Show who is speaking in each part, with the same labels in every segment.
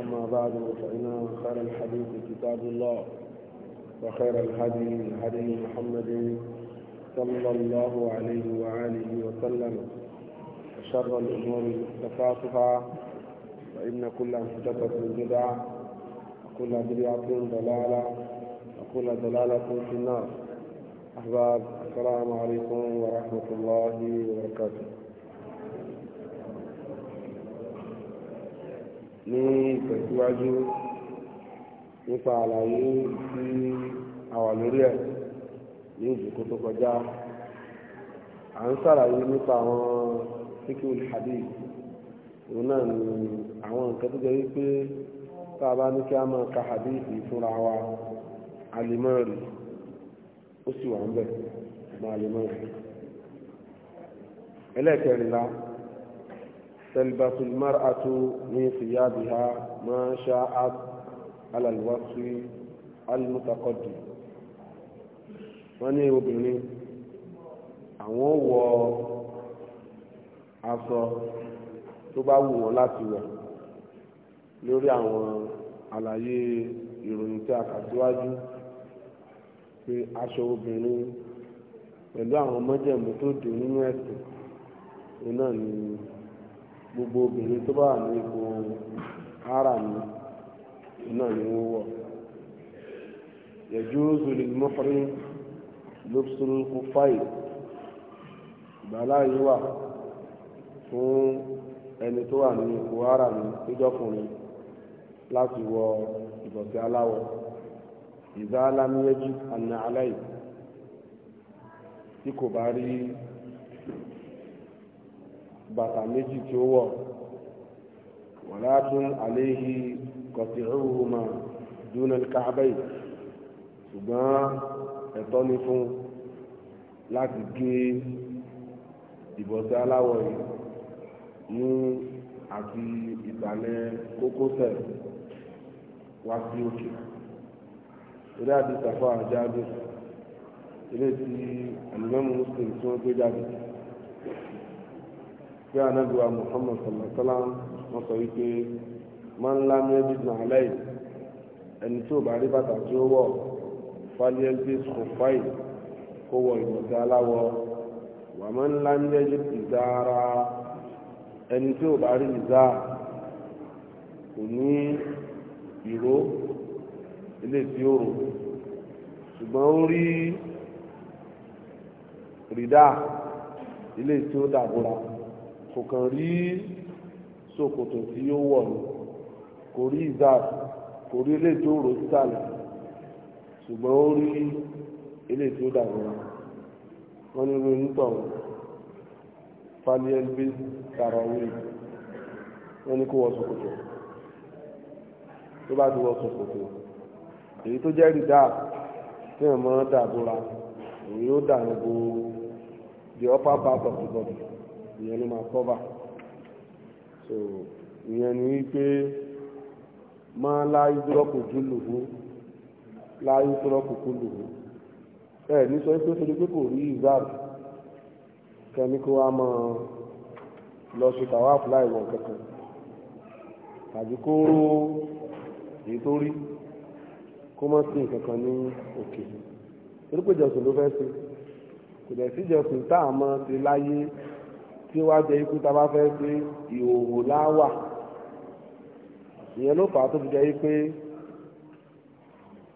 Speaker 1: أما بعد فإن خير الحديث كتاب الله وخير الهدي هدي محمد صلى الله عليه وآله وسلم وشر الأمور محدثاتها فإن كل محدثة بدعة وكل بدعة ضلالة وكل ضلالة في النار أحباب السلام عليكم ورحمة الله وبركاته ní ìtẹ̀síwájú nípa àlàyé tí a wà lórí ẹ̀ ní ìjòkó tó kọjá à ń sàlàyé nípa àwọn sikul hadith òun náà ni àwọn nǹkan tó jẹ́ wípé tá a bá ní kí a máa ka hadith fúnra wa a lè ó sì wà ń bẹ̀ ṣùgbọ́n a lè máa تلبس المرأة من ثيابها ما شاءت على الوصف المتقدم wọ́n ní obìnrin àwọn wọ aṣọ tó bá wù wọ́n láti wọ̀ lórí àwọn àlàyé ìròyìn tí a kà síwájú pé aṣọ obìnrin pẹ̀lú àwọn mọ́jẹ̀mú tó dé nínú ẹ̀sìn òun ni gbogbo obìnrin tó bá wà ní ipò ara mi náà ni wọ́n wọ̀ yajuzu lil muhrim lubsul kuffayn ìgbàlá yìí wà fún ẹni tó wà ní ipò ara mi níjọkùnrin láti wọ ìbọ̀sẹ̀ aláwọ̀ ìdá alámiyẹ́jú àná aláì tí kò bá rí bàtà méjì tí ó wọ̀ wàládùn àléhi kọ̀tìrúhùmá dúnà káàbẹ̀ ṣùgbọ́n ẹ̀tọ́ ni fún láti gé ìbọ̀sẹ̀ aláwọ̀ yìí ní àti ìsàlẹ̀ kókósẹ̀ wá sí òkè orí àti ìsàfà àjáde ilé tí àlùmọ́mù muslim tí wọ́n gbé jáde pé anábìwá muhammad sallasala wọn sọ wípé máa ń lá méjì náà láì ẹni tí ò bá rí bàtà tí ó wọ̀ falielbis kòfáì kó wọ ìbọ̀tẹ́ aláwọ̀ wà máa ń lá méjì ìzára ẹni tí ò bá rí ìzá kò ní ìró ilé tí ó rò ṣùgbọ́n ó rí rìdá ilé tí ó dàbúra kò kàn rí ṣòkòtò tí ó wọ̀ ni kò rí ìzáàt kò rí ilé tó rò sísàlẹ̀ ṣùgbọ́n ó rí ilé tó dàgbà wọ́n ní ronú tọ̀hún falielbi tàràwé wọ́n ní kó wọ ṣòkòtò tó bá ti wọ ṣòkòtò èyí tó jẹ́ rìdá tí wọ́n mọ́ dàbúra èyí ó dànù bo the upper part of the body ìyẹn ló máa kọ́bà so ìyẹn ni wípé máa láyé dúrọ́kù dúlùú láyé dúrọ́kù kúlùú ẹ ní sọ pé torí pé kò rí ìzáàbù kẹni kó wá máa lọ ṣe tàwáàfù láì wọ̀n kankan tàbí kó ró èyí tó rí kó má sí nǹkan ní òkè torí ló fẹ́ ṣe kò dẹ̀ sí tá a máa ṣe láyé kí wá jẹ́ ikú tá a bá fẹ́ pé ìhòòhò láwà ìyẹn ló fà á tó fi jẹ́ pé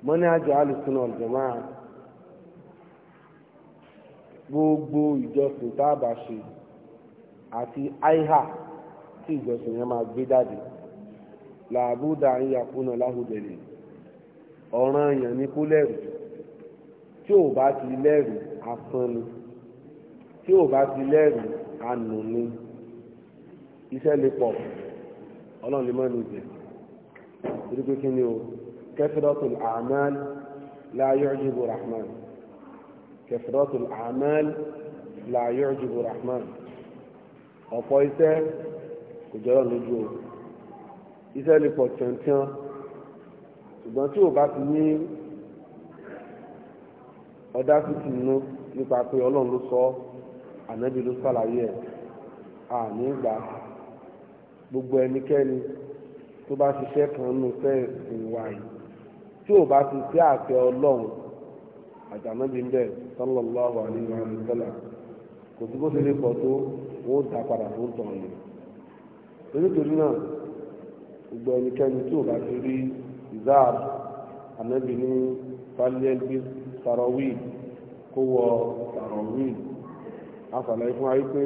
Speaker 1: mọ́ní àjọ alùsùnà jẹ̀mọ́ à gbogbo ìjọsìn tá a bá ṣe àti àìhà tí ìjọsìn yẹn máa gbé jáde làbúdà ń yàkúnà láhùdẹ̀lẹ̀ ọ̀ràn èèyàn ní kó lẹ́rù tí ò bá ti lẹ́rù asán tí ò bá ti lẹ́rù àánú ní iṣẹ́ lè pọ̀ ọlọ́run lè mọ́ni jẹ torí pé kí ni o kẹfìdọ́tùl àmàl la yu'jibu rahman kẹfìdọ́tùl àmàl la yu'jibu rahman ọ̀pọ̀ iṣẹ́ kò jọrọ̀ lójú o iṣẹ́ lè pọ̀ tíọ̀ntíọ̀n ṣùgbọ́n tí o bá ti ní ọdá tuntun nípa pé ọlọ́run ló sọ ọ́ ànábì ló sàlàyé ẹ̀ àní ìgbà gbogbo ẹnikẹ́ni tó bá ṣiṣẹ́ kan nù fẹ́ ìwà yìí tí ò bá ti sí àtẹ ọlọ́run àjànábì ń bẹ̀ sallallahu alaihi wa sallam kò sí bó ṣe lè pọ̀ tó wọ́n dá padà tó ń tàn gbogbo ẹnikẹ́ni tí ò bá ti rí ànábì ní sàrọ̀wì kó wọ sàrọ̀wì àṣàlàyé fún wa wípé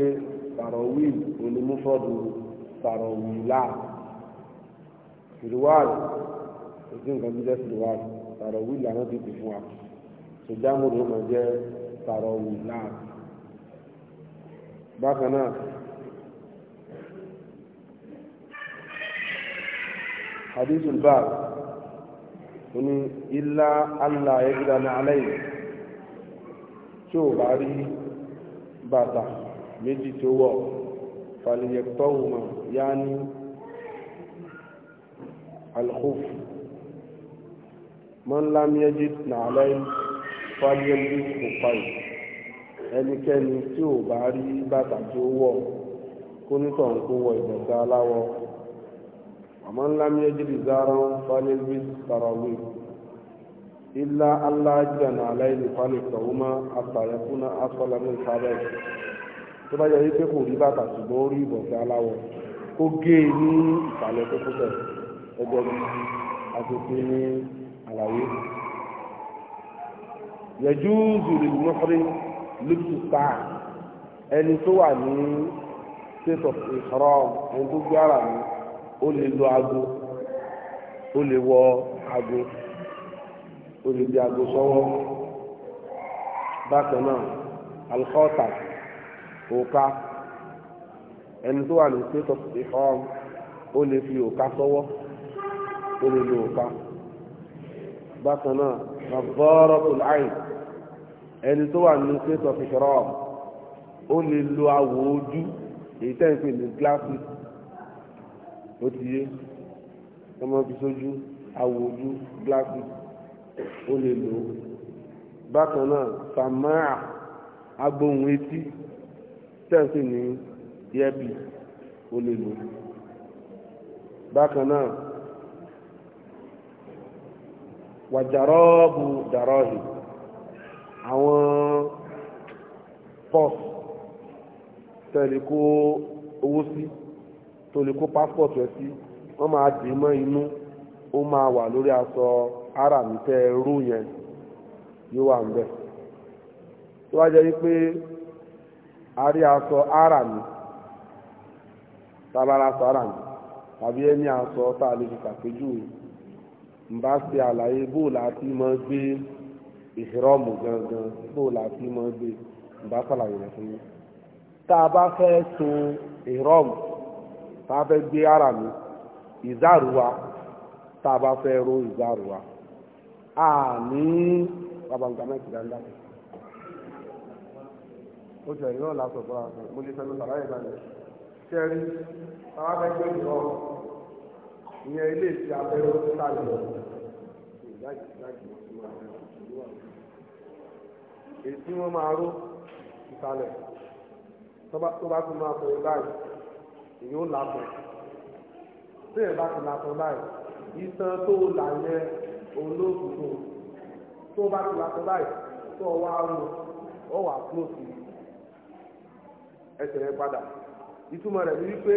Speaker 1: tàrọ̀wìl onímúfọ́dù tàrọ̀wìlà ìrìwáàlì ètò nǹkan jíjẹ́ ìrìwáàlì tàrọ̀wìl làwọn ti pè fún wa sòjámù ló máa jẹ́ tàrọ̀wìlà bákan náà حديث الباب إلا ألا يجدن عليه شو بعدي bàtà méjì tó wọ̀ fàlìyẹ̀tọ́hùnmá yá ní alkhuf man lam yajid nàlẹ́ fàlìyẹ̀mí kò fàyè ẹnikẹ́ni tí ò bá rí bàtà tó wọ̀ kó nítọ̀ ń kó wọ ìbọ̀sẹ̀ aláwọ̀ àmọ́ ńlá mi yẹ jìrì zára ń إلا أن لا يجدن عليه فليكتهما حتى يكون أسفل من tó bá yẹ kò rí bàtà ṣùgbọ́n ó rí ìbọ̀sẹ̀ aláwọ̀ ní ìsàlẹ̀ tó kúkẹ̀ ẹgbẹ́ mi àtúntò ní state of ó lè di aago sọ́wọ́ bákan náà alikọ́ta òka ẹni tó wà ní state of the home ó lè fi òka sọ́wọ́ ó lè lo òka bákan náà nàbọ́rọ́ tó láì ẹni tó wà ní state of ìṣòro ó lè lo awò ojú èyí tẹ́ ń pè ní gíláàsì ó ti yé ọmọ fi sójú awò ojú gíláàsì. ó lè lò ó bákan náà sàmáà agbóhùn etí tẹ́ǹsì ní yẹ́bì ó lè lò ó bákan náà wàjàrọ́ọ̀bù dàrọ́ọ̀hì àwọn pọ́s tẹ́lẹ̀ kó owó sí tó lè kó pásítọ̀tù ẹ̀ sí wọ́n máa dì í mọ́ inú ó máa wà lórí aṣọ arami tẹ rú yẹn yóò wà ń bẹ̀ tó wá jẹ́ wípé a rí aṣọ ara mi aṣọ ara tàbí ẹni aṣọ tá a lè fi kàpéjúwe ń bá ṣe àlàyé bóòlù mọ́ gbé ìhìrọ́mù gangan mọ́ gbé ń bá ṣàlàyé fún so tá a fẹ́ gbé ìzáàrúwa tá àmì babangama ìkìlanda ó ti ẹ̀yìn náà lásọ̀ fún àwọn mo lè sẹ́nu sàlàyé náà lẹ̀ kẹrí bàbá bẹ́ẹ̀ gbé ìrọ̀ ìyẹn ilé ìtì abẹ́rẹ́ ó sáré lọ èyí tí wọ́n máa ró ìsàlẹ̀ tó bá tún máa fọyín báyìí èyí ó làpọ̀ tí èyí bá ti làpọ̀ báyìí ìtàn tó là olóògùn fún un tó bá ti wá sọ báyìí tó ọwọ́ àrùn ọwọ́ àpúlòsì ẹsẹ̀ rẹ̀ padà ìtumọ̀ rẹ̀ ni wípé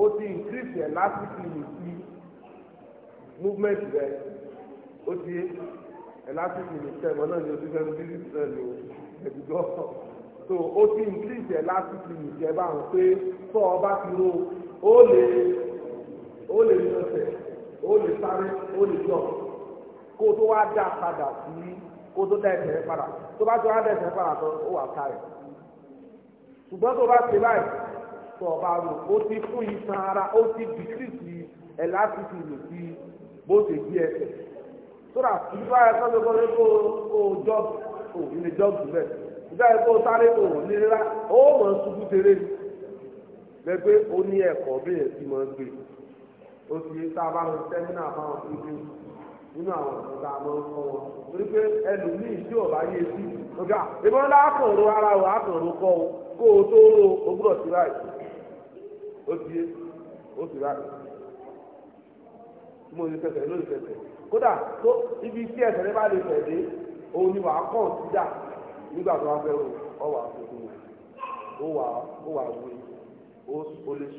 Speaker 1: ó ti increase ẹ̀ movement rẹ̀ ó ti ẹ̀ lásìkò ìlùsí ẹ̀mọ́ náà ni o ti fẹ́ bí náà ni o ẹ̀dùgbọ́ so ó ti increase ẹ̀ lásìkò ìlùsí ẹ̀ báwọn pé tó o bá ti ro ó lè ó lè lọ́sẹ̀ ó lè sáré ó lè jọ̀ kó o tó wá dá padà sí kó o tó dá ẹsẹ̀ rẹ padà tó bá tó wá dá ẹsẹ̀ rẹ padà tó o wà ká rẹ̀ ṣùgbọ́n tó o bá ṣe báyìí tó o bá rò ó ti fún iṣan ara ó ti dìkírìsì ẹ̀láṣíṣì lò sí bó ṣe jí ẹsẹ̀ sódà ìgbà ẹ̀kọ́ tó kọ́ lé kó o jọ́ọ̀bù kò ní lè jọ́ọ̀bù bẹ́ẹ̀ ìgbà ẹ̀kọ́ sáré kò ní rírá ó mọ̀ ṣubú tèrè ni gbẹgbẹ ó ní ẹ̀kọ́ bí èsì mọ̀ gbé ó ti tá a bá lọ sẹ́mínà fáwọn ìgbé nínú àwọn ọ̀sán tá a máa wọn torí pé ẹlòmíì tí ò bá yé sí ọjà ìbọn ńlá ara ò akọ̀rọ̀ o kó o tó rò o gbúdọ̀ sí ti yé sì mo ní kódà tó ibi tí ẹsẹ̀ rẹ bá lè òun ni wàá nígbà tó wá fẹ́ rò ọ wà á ó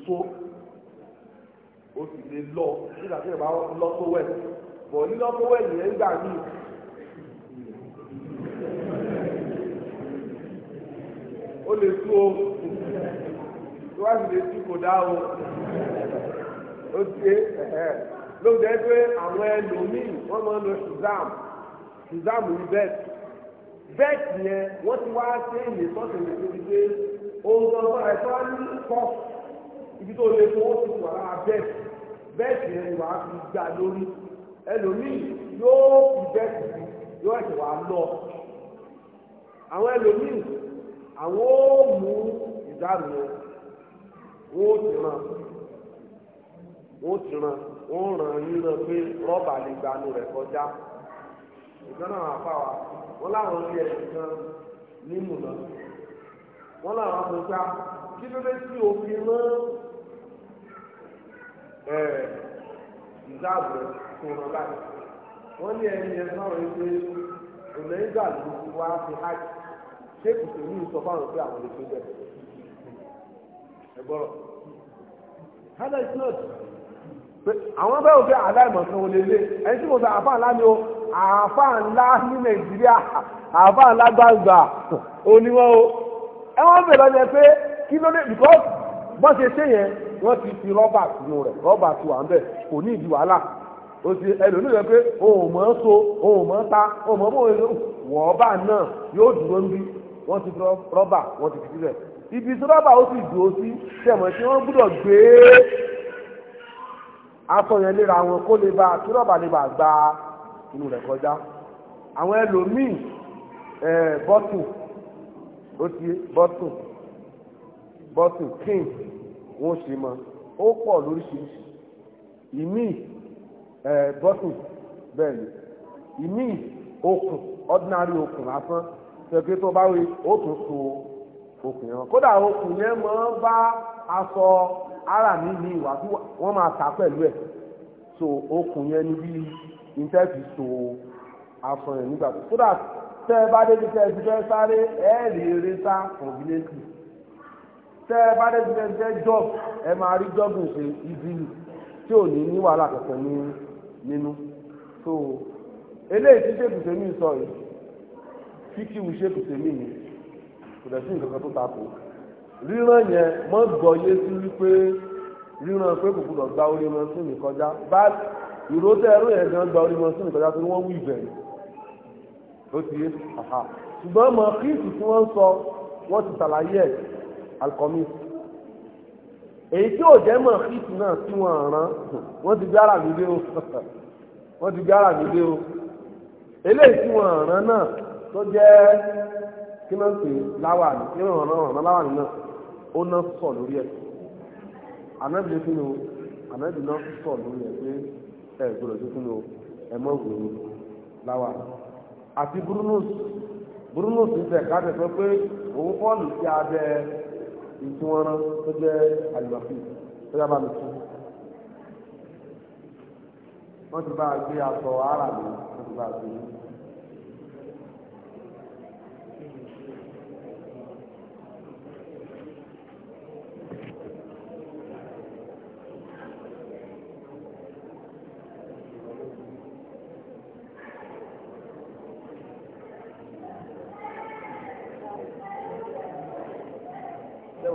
Speaker 1: so o sì lè lọ nígbà tí ìbá lọ tó bọ̀ nílọ́kọ́wọ́ ènìyàn ń gbà mí. ó lè tú o tí wọ́n sì lè tú kò dá o ó ti ṣe ló jẹ́ pé àwọn ẹlòmíì wọ́n máa ń lo bẹ́ẹ̀ bẹ́ẹ̀ yẹn wọ́n ti wá ṣe èyí sọ́sẹ̀ lè tóbi pé ohun tó ń sọ ẹ̀fọ́ ní kọ́ ibi tó lè fowó ti wà bẹ́ẹ̀ ah, bẹ́ẹ̀ yẹn wà á fi gbà lórí. ẹlòmíì yóò fi bẹ́ẹ̀sì sí yóò wa wà lọ àwọn ẹlòmíì àwọn ó mú ìdáàbò wọn ó ti ràn wọn ó ti ràn wọn ó ràn yíran pé rọ́bà lè rẹ̀ kọjá ìgbọ́n náà wa wọn láwọn ilé ẹ̀sìn kan ní mùnà wọn làwọn kí ló dé dáàbò fún ọ̀rọ̀ báyìí wọ́n ní ẹni yẹn sọ̀rọ̀ yìí pé ọ̀nà ìgbà ló ti wá fi hajj ṣé kùtù yìí sọ fáwọn pé àwọn èso bẹ̀rẹ̀ ẹgbọ́rọ̀ hada is not pé àwọn bẹ́ẹ̀ òfin aláìmọ̀sán olè lé ẹni tí mo sọ àfa ńlá ni o àfa ńlá ní nàìjíríà àfa ńlá gbàgbà oníwọ̀n o ẹ wọ́n bẹ̀rẹ̀ lọ yẹn pé kí bọ́n ṣe ṣe yẹn wọ́n ti fi rọ́bà sínú rẹ̀ rọ́bà tó à ń bẹ̀ kò ní ìdí wàhálà o ti ẹlòmíì rẹ pé òun mọ̀ ń so òun mọ̀ ń ta òun mọ̀ bóun wọ̀ọ́bà náà yóò dúró ń bí wọ́n ti fi rọ́bà wọ́n ti fi sílẹ̀ ibi tí rọ́bà ó sì dúró sí tẹ̀mọ̀ tí wọ́n gbúdọ̀ gbé aṣọ yẹn léra wọn kó lè ba kí rọ́bà lè bà gba inú rẹ̀ kọjá àwọn ẹlòmíì bọ́tù ó ti bọ́tù bọ́tù king wọ́n ṣe mọ́ ó pọ̀ lóríṣiríṣi ìmí ẹ̀ bọ́tù bẹ́ẹ̀ ni ìmí okùn ordinary okùn lásán tẹ̀gbẹ́ tó bá wí ó tún so okùn yẹn kódà okùn yẹn mọ́ bá aṣọ ara mi ní ìwà tí wọ́n máa ta pẹ̀lú ẹ̀ so okùn yẹn ni bí ìtẹ́sí so aṣọ yẹn nígbà tó kódà tẹ́ ẹ bá débi tẹ́ ẹ ti fẹ́ sáré ẹ̀ẹ́dì eré sá kọ̀ǹbílẹ́sì tẹ́ ẹ bá dé ṣe ṣe job ẹ máa rí job ṣe ibi tí ò ní ní wàhálà kankan ní nínú so eléyìí tí ṣéèkù tèmi sọ yìí fíkìwù ṣéèkù tèmi yìí kò dẹ̀ sí nǹkan kan tó takò ríran yẹn mọ́ gbọ́ yé sí wípé ríran pé kò gbọdọ̀ gba orí wọn sí mi kọjá bá ìró tẹ ẹrú yẹn gan gba orí wọn sí mi kọjá tó ní wọ́n wú ìbẹ̀rẹ̀ ó ti yé ṣùgbọ́n mọ̀ kíìsì tí wọ́n ń sọ wọ́n ti ṣàlàyé ẹ̀ alkọ́mí èyí tí ò jẹ́ mọ̀ fíìtì náà tí wọ́n rán wọ́n ti gbé ara mi dé o wọ́n ti gbé ara mi dé o eléyìí tí wọ́n rán náà tó jẹ́ kí náà pè láwàní kí náà rán rán láwàní náà ó náà sọ lórí ẹ̀ ànábì lè fún o ànábì náà sọ lórí ẹ̀ pé ẹ̀ gbọ́dọ̀ tó fún o ẹ̀ mọ̀ wòó láwàní àti burúnus burúnus ń tẹ̀ ká tẹ̀ sọ pé òun fọ́ọ̀lù sí abẹ́ tí wọ́n rán tó jẹ́ àlùbàfì tó yá bá mi tú. wọ́n ti bá a gbé aṣọ ara mi wọ́n ti bá a gbé yìí.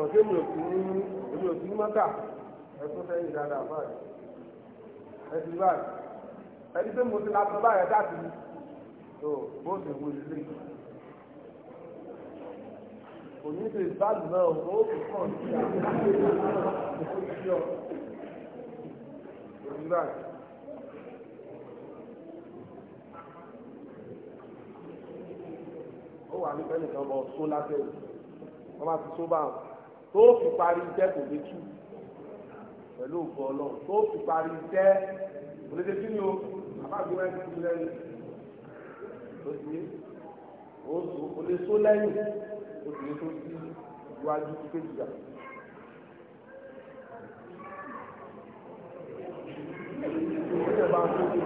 Speaker 1: mọ̀ sí èmi ò sí ní èmi ò sí ní mọ́tà ẹ tún sẹ́yìn dáadáa báyìí ẹ ti báyìí ẹ ti pé mo ti lásán báyìí ẹ dáàbò mi tó bó ṣe wo ilé òní ṣe ìbálò náà ó fi kàn sí àwọn ìṣẹ̀lẹ̀ náà ó ó wà ní pẹ́ẹ́nì kan bọ̀ sólá tẹ́lẹ̀ wọ́n bá ti só báwọn tó fi parí iṣẹ́ kò lè tú pẹ̀lú òkú ọlọ́run tó fi parí iṣẹ́ kò lè tẹ́tí ni o àbájọ ẹ̀ ti lẹ́yìn tó ti yé o lè so lẹ́yìn o sì lè so sí iwájú kéjì gbà.
Speaker 2: Thank you.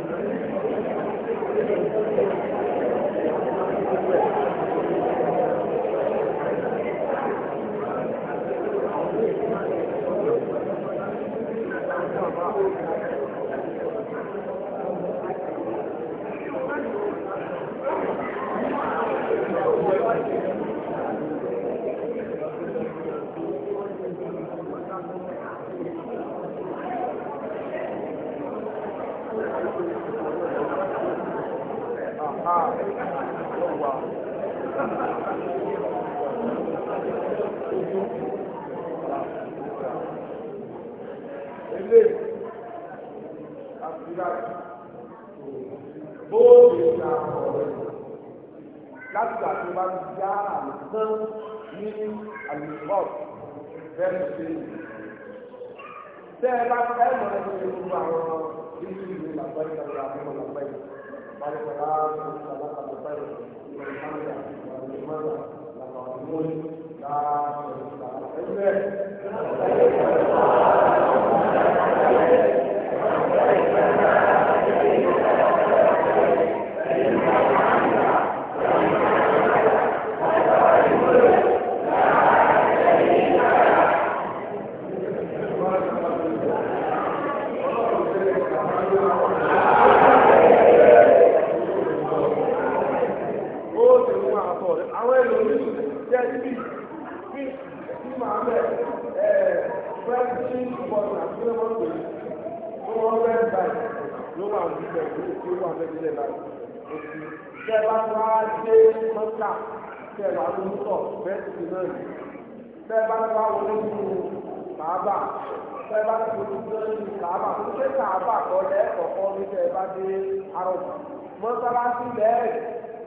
Speaker 2: ilé àfíà
Speaker 1: bóòlù ìta ọ̀rẹ́ láti àti bá ti dá àlùkán ní àlùkọ́ọ̀tù bẹ́ẹ̀ ṣe tẹ́ ẹ bá fẹ́ mọ̀ ẹ́ ní gbogbo àwọn ìlú ìlú làbáyé làbáyé làbáyé làbáyé làbáyé
Speaker 2: làbáyé làbáyé làbáyé làbáyé làbáyé la
Speaker 1: kàábà tẹ́ bá ti fojú lórí ní kàábà tó ṣe kàábà kọ́ lẹ́ẹ̀kọ̀kọ́ ní tẹ́ bá dé arọ̀bà mọ́sálásí lẹ́ẹ̀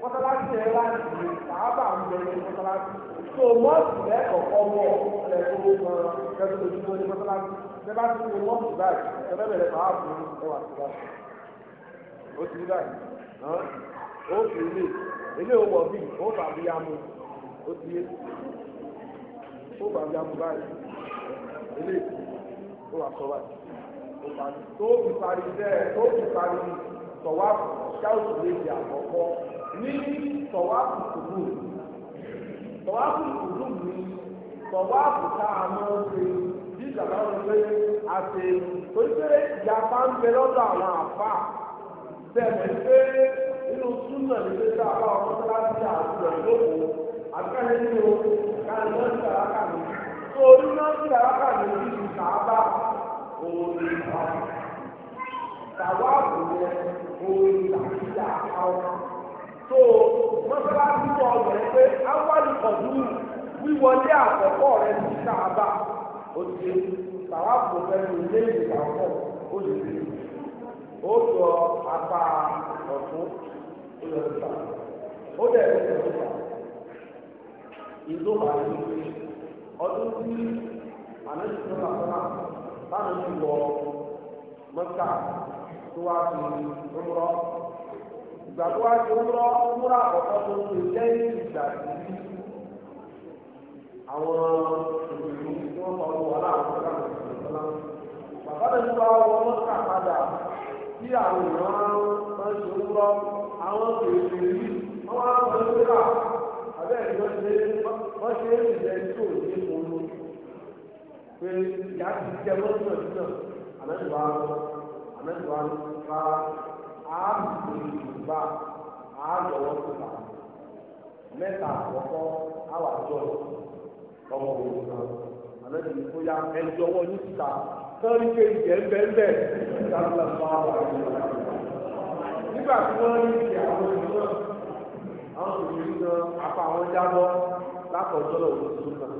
Speaker 1: mọ́sálásí yẹn bá ti di kàábà ń bẹ ní mọ́sálásí tó mọ́ọ̀sì lẹ́ẹ̀kọ̀kọ́ wọ̀ lẹ́ẹ̀kọ́ kan kẹ́tù fojú lórí mọ́sálásí tẹ́ bá ti di mọ́ọ̀sì báyìí tẹ́ bẹ́ẹ̀ bẹ̀rẹ̀ kàá bù ẹwà sí báyìí ó ti báyìí ó fi ilé ilé owó ọ̀bí ó bàbí amú ó ti yé ó bàbí amú báyìí ilé tó wà sọ wáyé tó fi parí bẹ́ẹ̀ tó fi parí tọ̀wáàpù ṣáàtù méjì àkọ́kọ́ ní tọ̀wáàpù kùdù tọ̀wáàpù kùdù ní tọ̀wáàpù tá a máa ń ṣe bí ìjàmbá ń gbé àti oṣù ìyapa ń bẹ lọ́dọ̀ àwọn àfa bẹ́ẹ̀ pé nínú súnà nílé tá a bá wọn tó bá ti àtúnyẹ̀ lóko àbíkáyé nínú káyọ̀ lọ́dọ̀ àkàndé orí náà sí àrákà méjì ní sàábà òní ìtàn tàwa àbúrò òní àbíyá àwọn tó mọ́sálásí tó ọgbẹ̀rẹ̀ pé áwájú ọ̀dún wíwọlé àkọ́kọ́ rẹ̀ sí sàábà ó ti tàwa àbúrò pẹ̀lú ilé ìgbà pọ̀ ó lè rí ó sọ apá ọ̀tún ó lọ sí sàábà ó dẹ̀ ẹ̀ ló sọ ìlú àti
Speaker 2: ìlú ọdún tí àmẹ́sìtò làkúnà báwọn
Speaker 1: ti wọ mọ́tà tó wá sí ọmọrọ ìgbà tó wá sí ọmọrọ ọmọrọ àkọ́kọ́ tó ń lè lẹ́yìn ìgbà tí àwọn ìlú tí wọ́n fọwọ́ wà láwọn ọ̀gá ìgbàlá bàbá mi ti wá wọ mọ́tà padà
Speaker 2: tí àwọn èèyàn máa ń ṣe ọmọrọ àwọn kèrè yìí wọ́n wá sọ ìgbéra bẹ́ẹ̀ nígbà tí wọ́n
Speaker 1: ń ṣe àwọn ìjọba nígbà àwọn tòmìnì gan apá àwọn jábọ́ látọ̀jọ́ lọ òun tó náà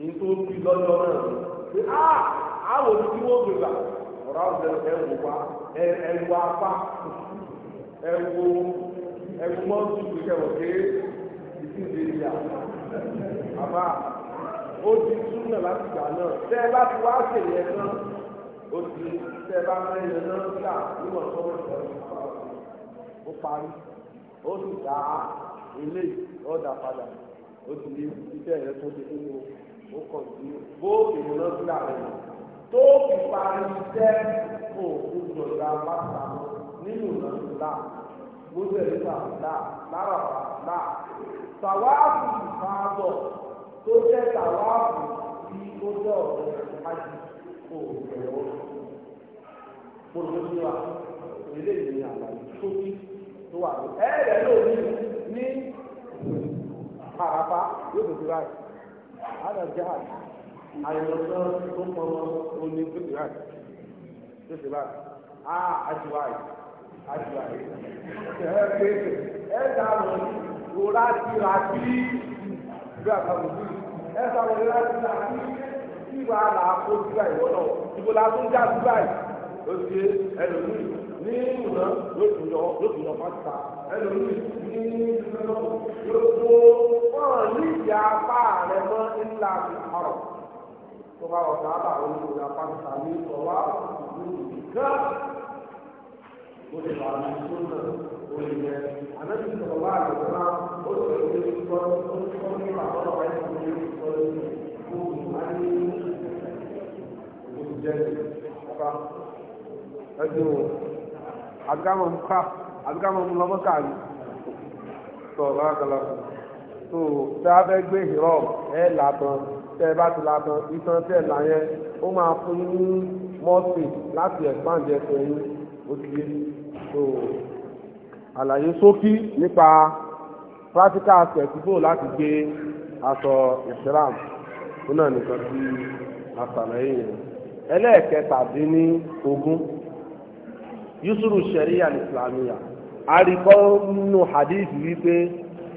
Speaker 1: èyí tó bí lọ́jọ́ náà pé á ah, àwọn òbí tí wọ́n gbèbà ọ̀rọ̀ àwọn ẹ̀wù wa ẹ̀wù apá ẹ̀wù ẹ̀wù mọ́tò ìgbésẹ̀wọ̀ ké ìdíje ìyá bàbá ó di súnà láti gbà náà tẹ́ ẹ bá ti wá ṣèlè ẹ̀ náà ó ti tẹ́ ẹ bá mẹ́rin náà gbà níwọ̀n tó wọ́n sọ̀rọ̀ ó parí. ó sì ilé ọ̀dà padà ó ti ní iṣẹ́ rẹ tó ti nínú ó kàn sí bóòkì ní lọ́sílà rẹ̀ tó fi parí iṣẹ́ òògùn jọ̀dá bàtà nínú lọ́sílà mọ́tẹ́lẹ́sà là lára là sàwáàbù ìfàbọ̀ tó jẹ́ sàwáàbù tí ó jẹ́ ọ̀rẹ́ àti Mo tó wà lọ ẹ̀ẹ́dẹ̀ ló ní ní àràpá yóò tó ti ráì àdà jihad àyọ̀lọ́ tó mọ oní tó ti ráì tó ti ráì á àjùwáì àjùwáì ẹ̀ẹ́ pé ẹ̀ẹ́dà lọ wò láti rà sí ìgbà kan ẹ̀ẹ́dà lọ láti rà sí ìgbà àlàkó síbà ìwọ́nà ìbò la tún já síbà yìí ó ti ẹlòmíràn ní ìmúná yóò pátá ẹlòmíì ní ìdúró yóò wọn ní ìyá apá rẹ mọ ńlá ti tó bá wọ sábà wọn ní pátá ní ọwá ìgbà ó lè wà ní ìṣúná
Speaker 2: ó lè yẹ ànábi sọ̀rọ̀ wá àgbẹ̀rẹ̀ ó lè yẹ kí ó tó tó ní ìpàdé ẹ̀ tó ní ìpàdé ó lè má ní ìṣẹ̀lẹ̀
Speaker 1: ó lè jẹ́ ọba ẹgbẹ́ wọn àbí ká máa mú ká àbí ká máa mú lọ mọ́kà tó o tó o a fẹ́ gbé ìrọ̀ ẹ̀ làtàn tẹ́ ẹ bá ti làtàn ìtàn tẹ́ ẹ̀ là yẹn ó máa fún yín ní mọ́ọ̀sì láti expand ẹsẹ̀ yín ó ti yé tó o àlàyé ṣókí nípa practical aspect bó láti gbé aṣọ Islam ó náà nìkan sí àṣàlàyé yẹn ẹlẹ́ẹ̀kẹtàdínní ogún yusuf sharia islamiyya àríkọ́ nínú hadith wípé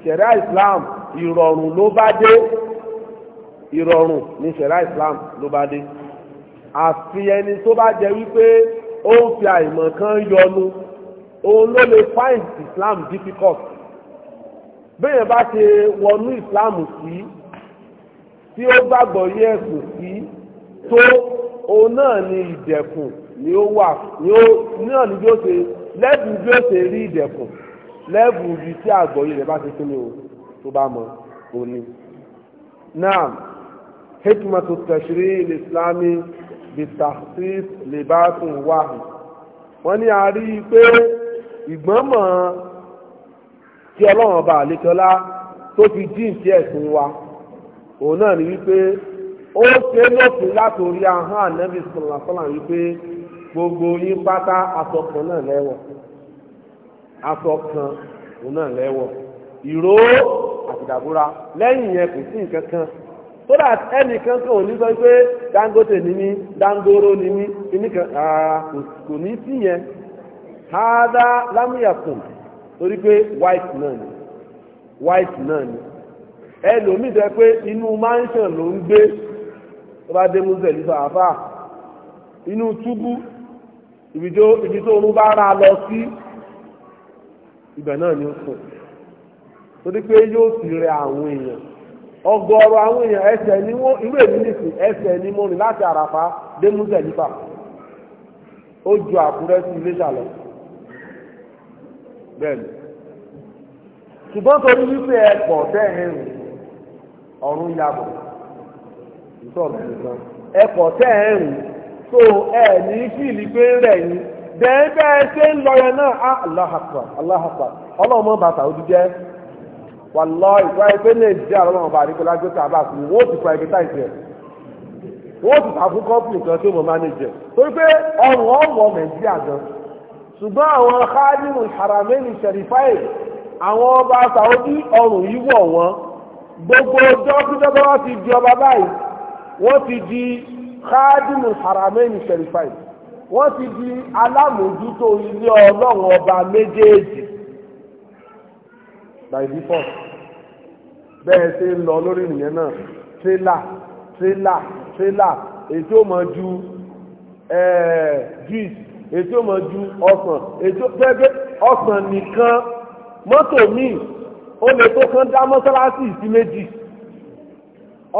Speaker 1: sharia islam ìrọ̀rùn ló bá dé ìrọ̀rùn ní sharia islam ló bá dé àfi ẹni tó bá jẹ wípé ó ń fi àìmọ̀ kan yọnu òun ló lè find islam difficult bẹ́ẹ̀ bá ṣe wọnú islam sí tí ó gbàgbọ́ yẹ ẹ̀sùn sí tó òun náà ni ìdẹ̀kùn ni ó wà ni ó náà ni bí ó ṣe lẹ́bù bí ó ṣe rí ìdẹ̀kùn lẹ́bù ibi tí àgbọ̀yé rẹ̀ bá ṣe kí ni o tó bá mọ òní. naam hikmatu tashri islami bitahsis libasun wahid wọ́n ní a rí i pé ìgbọ́nmọ̀ tí ọlọ́run ọba àlékọ́lá tó fi jíǹkí ẹ̀sìn wa òun náà ni wípé ó ṣe é lófin látòrí ahọ́n ànẹ́bí sọ̀làsọ́là wípé gbogbo yín pátá aṣọ náà lẹ́wọ̀ aṣọ náà lẹ́wọ̀ ìró àtìdàbúra lẹ́yìn yẹn kò sí nǹkan kan tó dà ẹnìkan kan ò ní sọ pé Dangote ni mí Dangoro ni mí kò ní sí yẹn hádá lámúyàkùn torí pé white náà ni white náà ni ẹlòmíì jẹ pé inú mansion ló ń gbé tó bá dé ibi tó oorun bá ra lọ sí ibẹ̀ náà ni ó sùn torí pé yóò sì rẹ àwọn èèyàn ọ̀gọ̀ọ̀rọ̀ àwọn èèyàn ẹsẹ̀ ni wọn irú èmi nìsín ẹsẹ̀ ni mo rìn láti àràfà dé nípa. ó ju àkúrẹ́ sí iléṣà lọ bẹ́ẹ̀ ni ṣùgbọ́n torí wípé ẹ̀pọ̀ tẹ́ẹ̀hìn ọ̀run yabọ̀ ìtọ́ọ̀bù nìkan ẹ̀pọ̀ tẹ́ẹ̀hìn so ẹ ní fíìlì pé ń rẹ̀ yín bẹ́ẹ̀ ṣe ń lọ náà ah, Allahu Akbar Allahu Akbar ọlọ́mọ bàtà ojú jẹ́ wàlọ́ ìfọ́ ẹgbẹ́ lè jẹ́ ọlọ́mọ bàtà àdìgbò lájọ́ tá a bá fún wọ́n ti privatize rẹ̀ wọ́n ti fà fún kọ́pìnì kan tó mọ̀ manager torí pé ọ̀rùn ọ̀wọ̀ nàìjíríà gan ṣùgbọ́n àwọn khadimu harameni sẹ̀rífáì àwọn ọba Saudi ọrùn yìí wọ̀ wọ́n gbogbo ọjọ́ tí dọ́gba ti di ọba báyìí wọ́n ti di khadimu haramẹ́ni sẹ̀rífàì wọ́n ti di alámòjútó ilé ọlọ́run ọba méjèèjì by default bẹ́ẹ̀ ṣe ń lọ lórí nìyẹn náà tírélà tírélà tírélà ètò ọmọ ju juice ètò ọmọ ju ọsàn ètò pẹ́ẹ́pẹ́ ọsàn nìkan mọ́tò míì ó lè tó kán dá mọ́sálásì sí méjì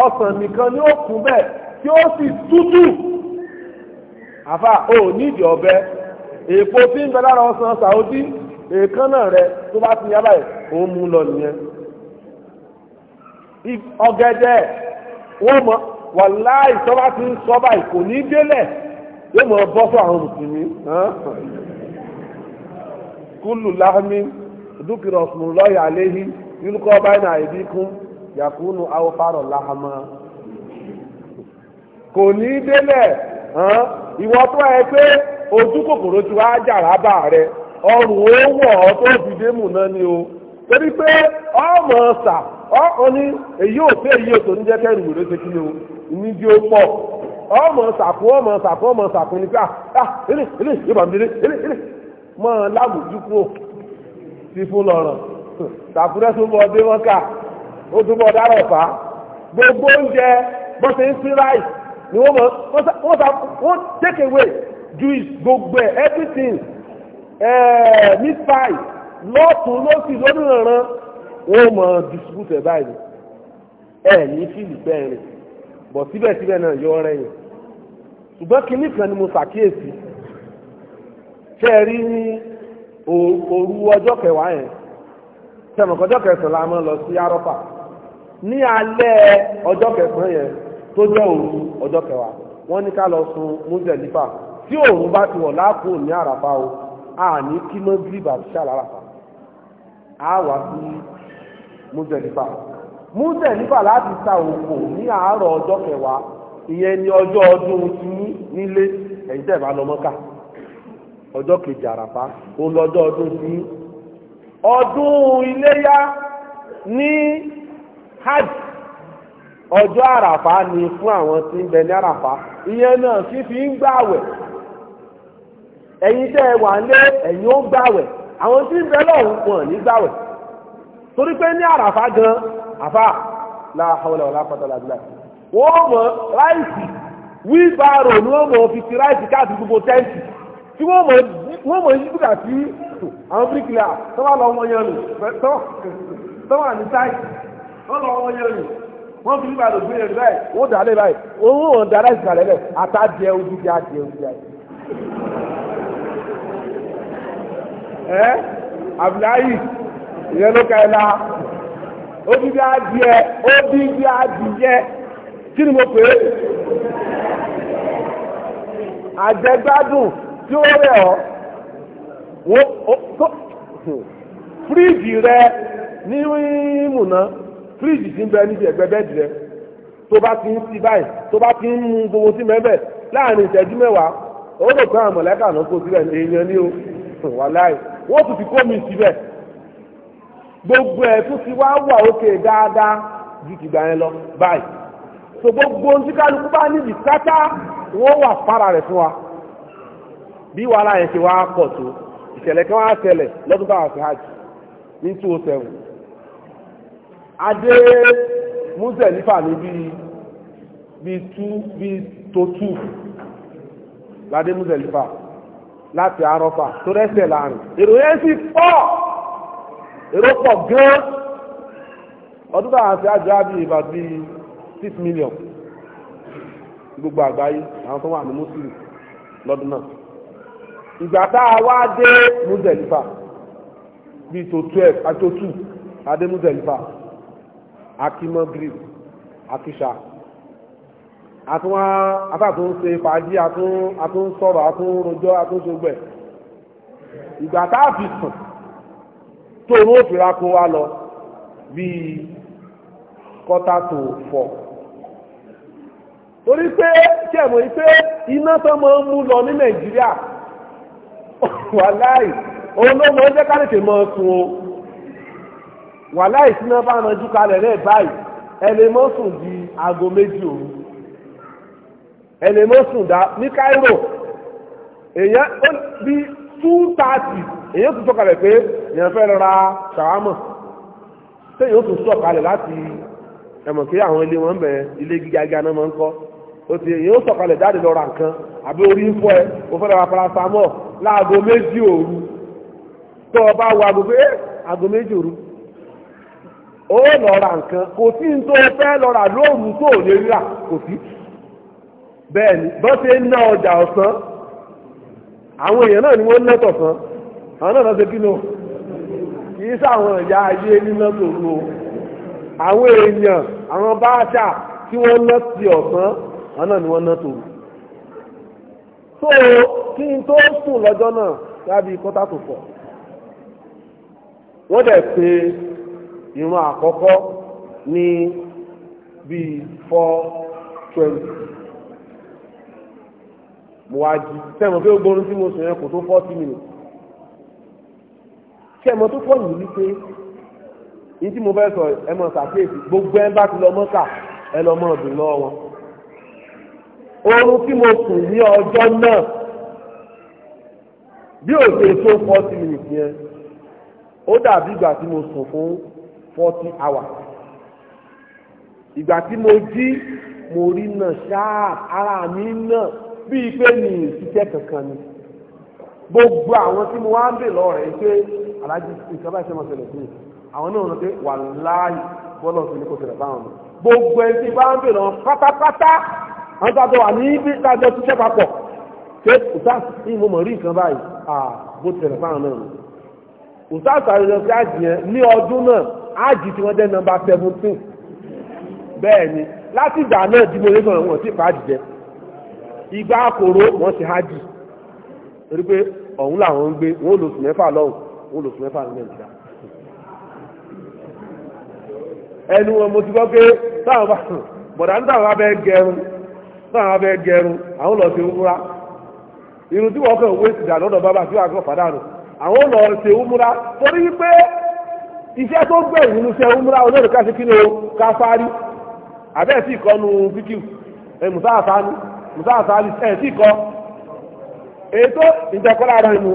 Speaker 1: ọsàn nìkan ni ó kún bẹ́ẹ̀. tí ó sì tútù àfa ò nídìí ọbẹ èpo tí ń bẹ lára ọsàn sàódì èèkánná rẹ tó bá ti yábàá yìí ó mú lọ nìyẹn ọ̀gẹ̀dẹ̀ wọ́n mọ wàláì tó bá ti ń sọ báyìí kò ní délẹ̀ yóò mọ bọ́ fún àwọn mùsùlùmí kúlù láhámi dúkìrọ̀ sùnmùlọ́yà léhi yúlùkọ́ báyìí náà kún awọ́fàrọ̀ láhámà. kò ní í délẹ̀ ìwọ tó ẹ pé ojú kòkòrò ti wá jàrábà rẹ ọrùn ó wọ̀ ọ́ tó fi dé ni o torí pé ọmọ ọ̀sà ọ̀hún ni èyí ò èyí ò tó ní ṣe kí o ní di ó pọ̀ ọmọ ọmọ ọmọ ni pé ah, ah, ilé ilé yóò bá mi délé ilé ilé mọ kúrò fún ni wọ́n mọ̀ wọ́n ta wọ́n take away juice gbogbo ẹ̀ everything eh, meat pie lọ́ọ̀tún lọ́sì lọ́dún ìran wọ́n mọ̀ distribute ẹ̀ báyìí ẹ̀ ní fíìlì bẹ́ẹ̀ rìn bọ̀ síbẹ̀síbẹ̀ náà yọ ọ́rẹ́ yẹn ṣùgbọ́n kinní kan ni mo ṣàkíyèsí ṣe é rí ní òru ọjọ́ kẹwàá yẹn ṣe mọ̀kọ́jọ́ kẹsàn-án la máa lọ sí arọ́pà ní alẹ́ ọjọ́ kẹsàn-án yẹn tó jẹ́ ọjọ́ kẹwàá wọ́n ní ká lọ sun múzẹ̀lífà tí òun bá ti wọ̀ láàpò ní àràfà o a ní kí mọ́ gíríbà ti ṣàlàràfà a wà láti ta òkò ní àárọ̀ ọjọ́ kẹwàá ìyẹn ni ọjọ́ ọdún ti ní nílé ẹ̀yìn tẹ̀ bá lọ mọ́kà ọjọ́ kejì àràfà òun lọ́jọ́ ọjọ́ àràfá ni fún àwọn tí ń bẹ ní àràfá ìyẹn náà fífi ń gbàwẹ̀ ẹ̀yin tẹ́ ẹ wà lé ẹ̀yin ó gbàwẹ̀ àwọn tí ń bẹ lọ́hùn pọ̀ ní gbàwẹ̀ torí pé ní àràfá gan àfà láhàwọlẹ̀ ọ̀làpàtàlà bílà wọ́n mọ̀ ráìsì wíìbárò ni wọ́n mọ̀ fi ti ráìsì káàkiri gbogbo tẹ́ǹtì tí wọ́n mọ̀ wọ́n mọ̀ yí bùkà sí àwọn bíríkìlà tọ́wọ́ lọ́wọ́ yẹn lò tọ́wọ́ àníṣáì tọ́wọ́ lọ́wọ́ yẹn lò wọ́n fi nígbà lòdì rẹ̀ báyìí wọ́n dà lé báyìí owó wọn dà láì sàlẹ̀ lẹ̀ àtàjẹ ojú ti àjẹ ojú ti àjẹ. ẹ abdulayi ìyẹn ló ka ẹ la ojú ti àjẹ ojú ti àjẹ kí ni mo pè é àjẹgbádùn tí ó rẹ̀ ọ́ wọ́n fíríjì rẹ ní múná. fíríjì ti ń bẹ níbi ẹ̀gbẹ́ bẹ́ẹ̀dì rẹ tó bá ti ń báyìí tó bá ti ń gbogbo sí mẹ́bẹ̀ láàrin ìṣẹ́jú mẹ́wàá ó lè tán àmọ̀lẹ́kà náà kó èèyàn ni o wà láì wọ́n tún ti kó mi gbogbo efu si ti wá wà òkè dáadáa ju lọ báyìí gbogbo ohun tí kálukú bá níbi sátá wà fara fún wa bí wàhálà yẹn ti wá pọ̀ hajj ní two oh seven adé Muzdalifa ní bíi bíi tú bíi tó tú ládé Muzdalifa láti arọ́fà tó rẹ́sẹ̀ láàrin èrò yẹn sì pọ̀
Speaker 2: èrò pọ̀ gan
Speaker 1: ọdún bá àti àjọ àbí ìbá bíi six million gbogbo àgbáyé àwọn tó wà ní mùsùlùmí lọ́dún náà ìgbà tá a wá dé Muzdalifa bíi tó twelve àti tó two adé Muzdalifa akimogrip akisha àtún àtàtún ṣe fàájì àtún sọ̀rọ̀ àtún rojọ́ àtún ṣogbẹ̀ ìgbà táàfi sùn tó ní òfìrà kó wá lọ bíi kọ́tà tó fọ̀ torí pé tí ẹ̀mọ̀ yìí pé iná tó máa ń mú lọ ní Nàìjíríà wàláì òun ló mọ̀ ń jẹ́ ká lè sun o wàhálà ìsinmi bá ranjú kalẹ̀ náà báyìí ẹlẹ́mọ́sùn di aago méjì òru ẹlẹ́mọ́sùn dá ní Cairo èèyàn bí two thirty èèyàn tún sọ̀kalẹ̀ pé èèyàn fẹ́ rọra ṣàwámọ̀ téèyàn tún sọ̀kalẹ̀ láti ẹ̀mọ̀ kí àwọn ilé wọn bẹ̀ ilé gíga náà máa ń kọ́ o ti èèyàn sọ̀kalẹ̀ jáde lọ ra nǹkan àbí orí ń fọ́ ẹ o fẹ́ rọra paracetamol láago méjì òru tó o bá wọ aago pé aago méjì òru ó lọ́ra nǹkan kò sí ní tó fẹ́ lọ́ra lóòrùn tó ò lè rà kò sí bẹ́ẹ̀ ni bọ́n ṣe ń ná ọjà ọ̀sán àwọn èèyàn náà ni wọ́n ń lẹ́tọ̀ sán àwọn náà ṣe kí ló kì í sáwọn ìyá ayé níná lòrú o àwọn èèyàn àwọn báṣà tí wọ́n ná ti ọ̀sán àwọn náà ni wọ́n ná tòrú so kí n tó sùn lọ́jọ́ náà lábí kọ́tà tó fọ̀ wọ́n dẹ̀ pé ìrun àkọ́kọ́ ní bíi four twenty mo wá jí sẹ́mo pé gbogbo orun tí mo sùn yẹn kò tó forty minutes sẹ́mo tó pọ̀ yìí wípé ní tí mo fẹ́ sọ ẹ mọ̀ sàkíyèsí gbogbo ẹ bá ti lọ mọ́kà ẹ lọ mọ́ ọ̀dùn lọ́wọ́ wọn orun tí mo sùn ní ọjọ́ náà bí òṣèlú tó forty minutes yẹn ó dàbí ìgbà tí mo sùn fún forty hours ìgbà tí mo jí mo rí náà ṣáà ara mi náà bíi pé mi ì ṣiṣẹ́ kankan ni gbogbo àwọn tí mo wá ń bè lọ́wọ́ rẹ̀ pé aláàjì nǹkan báyìí ṣe máa ṣẹlẹ̀ sí mi àwọn náà rántí wà láàyè bọ́lá ọ̀sẹ̀ ní kò ṣẹlẹ̀ báwọn mi gbogbo ẹni tí bá ń bè lọ́wọ́ pátápátá àwọn tájọ wà ní ibi tájọ ṣiṣẹ́ papọ̀ ṣé òṣàṣì ní mo mọ̀ rí nǹkan báyìí à bó ṣẹlẹ̀ báwọn náà mi òṣàṣì àrẹ̀lẹ̀ sí àjìyẹn ní ọdún náà áàjì tí wọ́n jẹ́ nọmba seventeen bẹ́ẹ̀ láti ìgbà náà di mọ́lẹ́sọ̀ wọn ti fàájì jẹ ìgbà kòró wọ́n hájì torí pé ọ̀hún làwọn ń gbé wọ́n lò mẹ́fà lọ́hùn wọ́n lò mẹ́fà ní nàìjíríà ẹnu wọn mo ti gbọ́ pé táwọn bá bọ̀dá ní táwọn abẹ́ gẹrun táwọn abẹ́ gẹrun àwọn lọ sí umura irun tí wọ́n kàn wé dà lọ́dọ̀ iṣẹ́ tó gbẹ̀ nínú iṣẹ́ umra olóòrùn ká ṣe kí ni o ká fárí àbẹ́ẹ̀ sì kọ́ nu fíkì mùsáàsáni mùsáàsáni ẹ̀ sì kọ́ ètò ìjẹkọ́lá rẹ̀ nù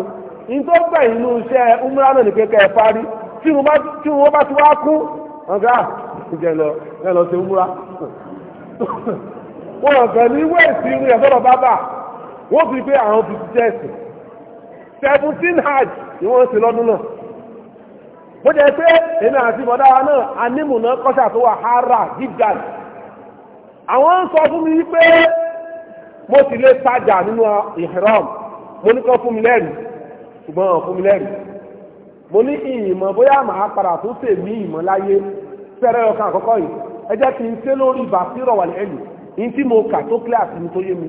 Speaker 1: ní tó gbẹ̀ nínú iṣẹ́ umra náà ní pé ká ẹ fárí tí wọ́n bá ti wá kú ọ̀gá ìjẹ̀lọ ẹ lọ ṣe umra wọn ọ̀gá ní ìwé ìsinmi ẹ̀sọ́rọ̀ bábà wọ́n fi pé àwọn fi ti tẹ̀sì seventeen hajj ni wọ́n ń ṣe lọ́dún náà bó jẹ́ pé èmi àti bọ̀dá wa náà anímùná kọ́ṣà tó wà hárà gígan àwọn ń sọ fún mi wípé mo sì lè tajà nínú ìhram mo ní kọ́ fún mi lẹ́rìí ṣùgbọ́n fún mi lẹ́rìí mo ní ìyìnmọ̀ bóyá màá padà tó tè mí ìmọ̀ láyé fẹ́rẹ́ ọkàn àkọ́kọ́ yìí ẹ jẹ́ kí n ṣe lórí ìbá sí ìrọ̀wà lẹ́yìn ní tí mo kà tó kíláàsì mi tó yé mi